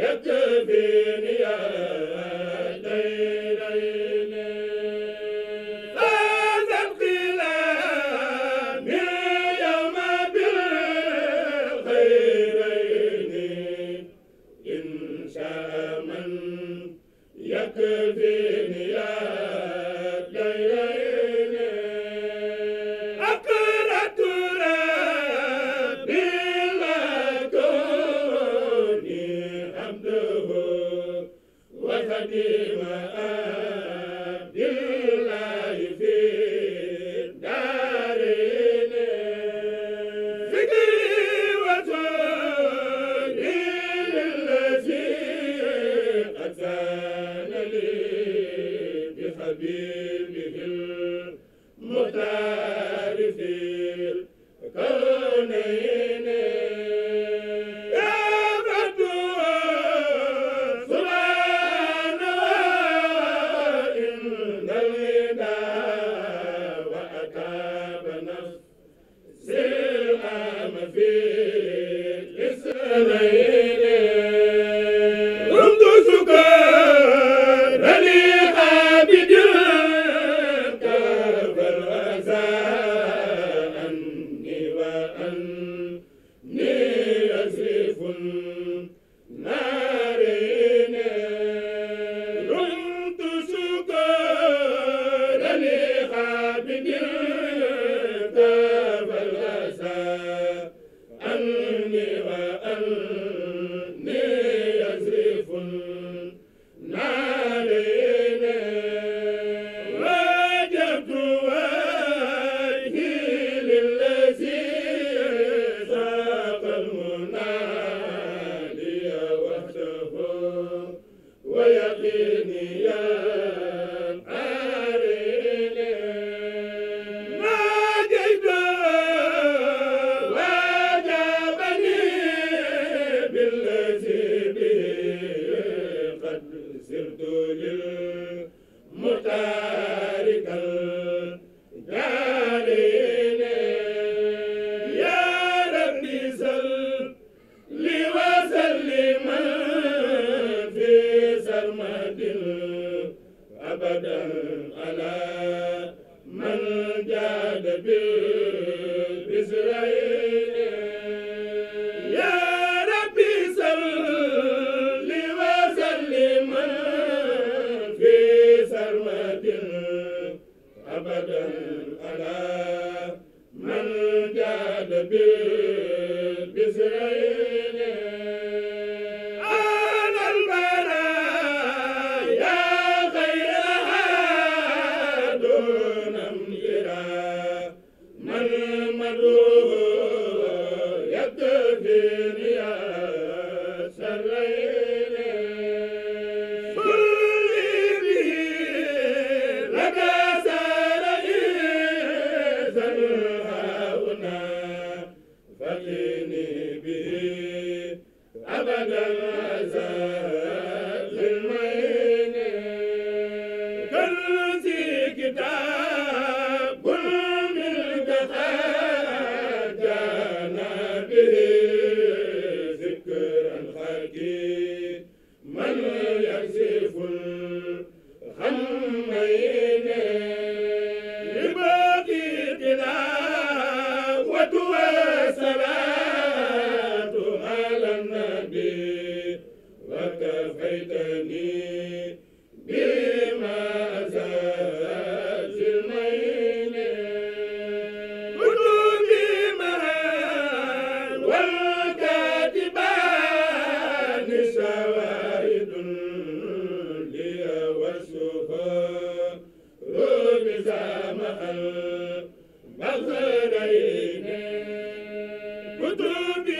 يا جبين يا المختار في الكونين bi الأزل مزارين كتبي